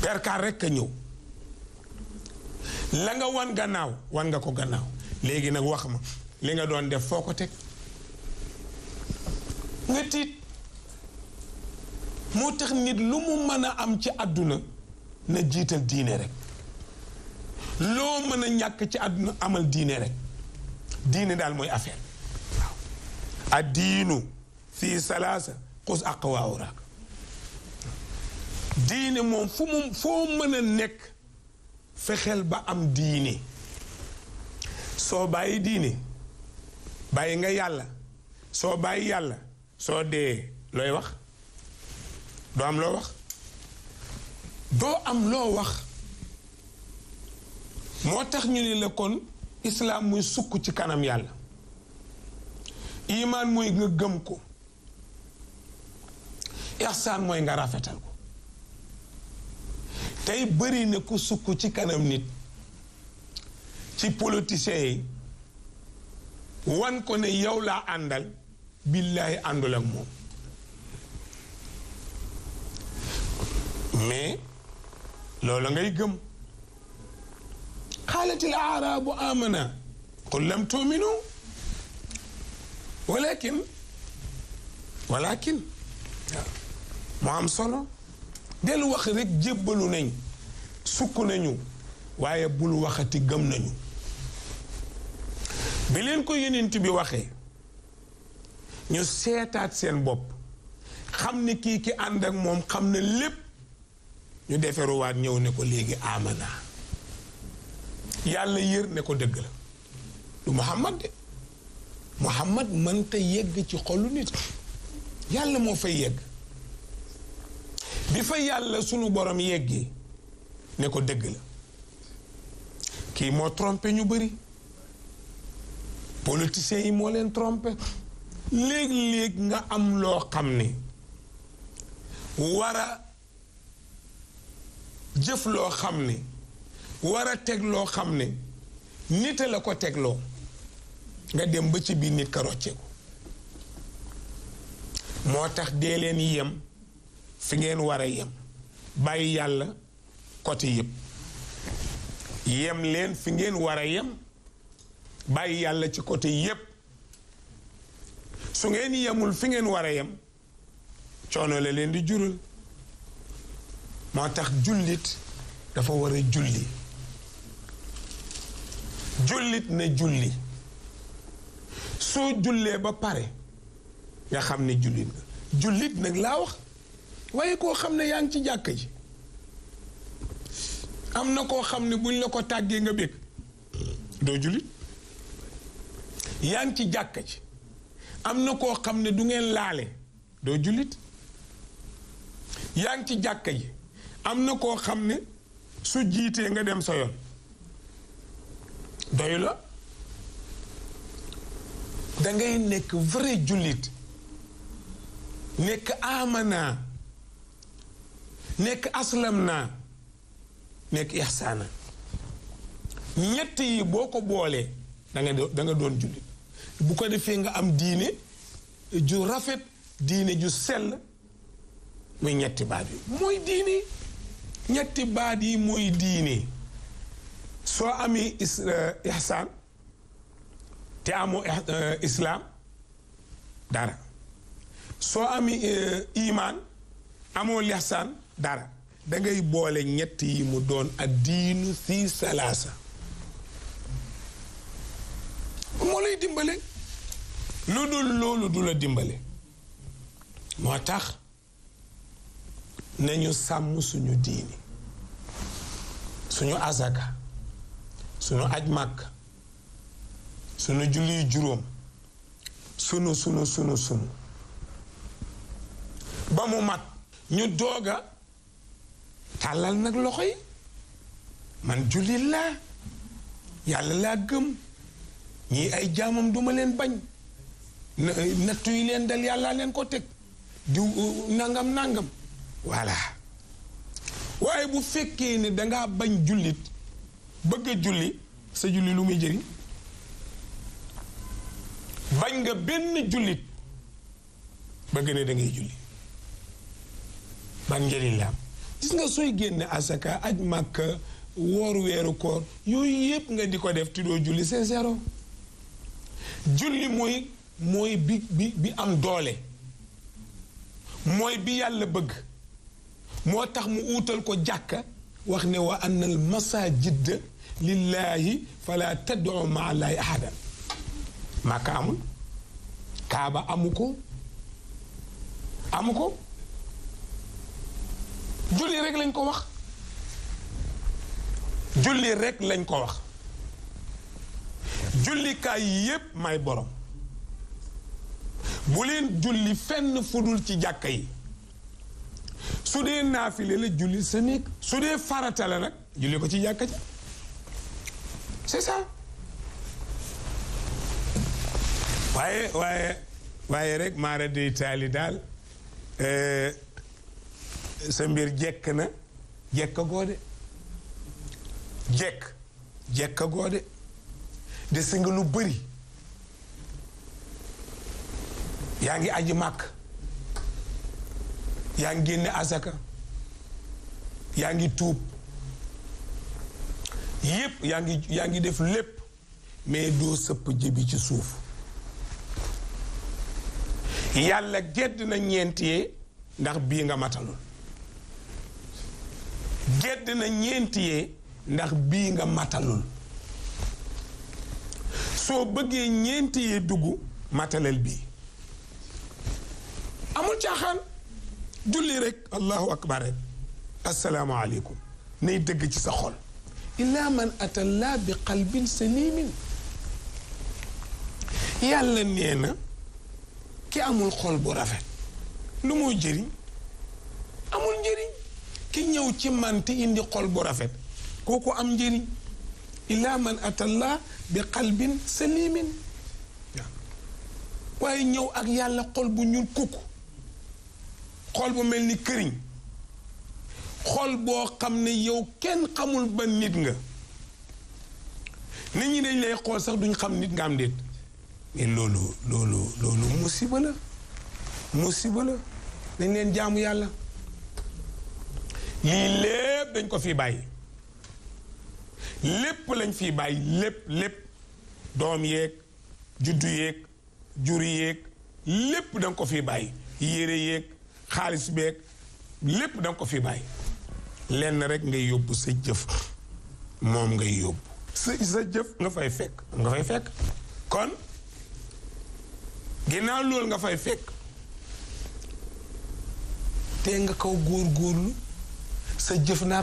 perkaar rekk a ñëw la nga wan gannaaw wan nga ko gannaaw léegi nag wax ma li nga doon def foo ko teg nga tiit moo tax nit lu mu mën a am ci àdduna na jiital diine rek loo mën a ñàkk ci àdduna amal diine rek diine daal mooy affaire waaw diinu fii salaasa xus aqwaawuraak diine moom fu mu foo mën a nekk fexeel ba am diine soo bàyyi diine bàyyi nga yàlla soo bàyyi yàlla soo dee looy wax doo am loo wax doo am loo wax moo tax ñu ne la kon islaam muy sukk ci kanam yàlla imaan mooy nga gëm ko ihsaan mooy nga rafetal ko tey bëri na ku sukk ci kanam nit ci politiciens yi wan ko ne yow laa àndal billaahi àndul ak moom mais loola ngay gëm xaalatil aaraabu amana qul lam tuuminu walakin walakin mu am solo del wax rek jébbalu nañ sukk nañu waaye bul waxati gëm nañu bi leen ko yenent bi waxee ñu seetaat seen bopp xam ne kii ki ànd ak moom xam na lépp ñu deferuwaat ñëw ne ko léegi amana yàlla yér ne ko dëgg la du muhammad de muhammad mënta yegg ci xolu nit yàlla moo fay yegg bi fa yàlla sunu borom yeggee ne ko dëgg la kii moo trompé ñu bari politiciens yi moo leen trompe léeg-léeg nga am loo xam ne war a jëf loo xam ne war a teg loo xam ne nite la ko tegloo nga dem ba ci biir nit ka rocceeku moo tax dee leen yem fi ngeen war a yem bàyyi yàlla côté yëpp yem leen fi ngeen war a yem bàyyi yàlla ci côté yépp su ngeen yemul fi ngeen war a yem coono la leen di jural moo tax jullit dafa war a julli jullit na julli soo jullee ba pare nga xam ne jullit nga jullit nag laa wax waaye koo xam ne yaa ngi ci jàkk ji am na koo xam ne buñ la ko tàggee nga bég doo jullit yaa ngi ci jàkk am na koo xam ne du ngeen laale doo jullit yaa ngi ci jàkk ji am na koo xam ne su jiitee nga dem sa yoon doy la dangay nekk vrai jullit nekk amana nekk aslam naa nekk ihsaana ñetti yi boo ko boolee da doon jullit bu ko defee nga am diine ju rafet diine ju sell muy ñetti baat yi muy diine ñetti soo amee is eh, te amoo eh, eh, islaam dara soo amee imaan amoo lihsaan dara dangay boole ñett yi mu doon ak diinu si salaasa moo lay dimbale lu dul loolu du la dimbale moo tax nañu sàmm suñu diini suñu asaka suñu aj màkk sunu julli juróom sunu sunu sunu sunu ba mu mat ñu dooga tàllal nag loxo yi man jullit laa yàlla laa gëm ñii ay jaamam duma leen bañ eh, nattu yi leen dal yàlla leen ko teg di eh, nangam nangam voilà waaye bu fekkee ne dangaa bañ jullit bëgg a julli sa julli lu muy jëriñ bañ nga benn jullit bëgg ne da julli ban njëriñ la am gis nga sooy génne asaka aj màkk woor weeru koor yooyu yëpp nga di ko def tuddoo julli c'est zéro mooy mooy bi bi am doole mooy bi yàlla bëgg moo tax mu wutal ko jàkka wax ne wa anna al masajida lillaahi fala tad'u ma'a llaahi ahadan màkka amul kaaba amu ko amu ko julli rek lañ ko wax julli rek lañ ko wax jullikaay yépp may borom bu leen julli fenn fudul ci jàkka yi su dee naafile la julli sa néeg su dee farata nag julli ko ci jàkka ja c'est ça waaye waaye waaye rek maara dey daal euh, sa mbir jekk na jekk goo de jekk jekk goo de dese nga lu bari yaa ngi aji màkk yaa ngi génne asaka yaa ngi tuub yépp yaa ngi ngi def lépp mais doo sëpp jëbi ci suuf yàlla gedd na ñeent ndax bii nga matalul gedd na ñeenti yee ndax bii nga matalul soo bëggee ñeenti yee dugg matalal bii amul caaxaan julli rek allahu akbar rek asalaamaaleykum nay dëgg ci sa xol illaa man atallaa bi qalbin salimin yàlla nee ki amul xol bu rafet lu mooy jëriñ ki ñëw ci man te indi xol bu rafet kooku am njëriñ illaa man atallah bi qalbin salimin waaye ñëw ak yàlla xol bu ñuul kukk xol bu mel ni këriñ xol boo xam ne yow kenn xamul ba nit nga nit ñi dañ lay xool sax duñ xam nit nga am déet mais loolu loolu loolu musiba la musiba la dañ leen jaamu yàlla lii lépp dañ ko fi bàyyi lépp lañ fi bàyyi lépp lépp doom yeeg juddu yeeg jur yeeg lépp da ko fi bàyyi yére yeeg xaalis beeg lépp da ko fi bàyyi lenn rek nga yóbbu sa jëf moom nga yóbbu sa jëf nga fay fekk nga fay fekk kon ginnaaw loolu nga fay fekk te nga kaw góor góorlu sa jëf naar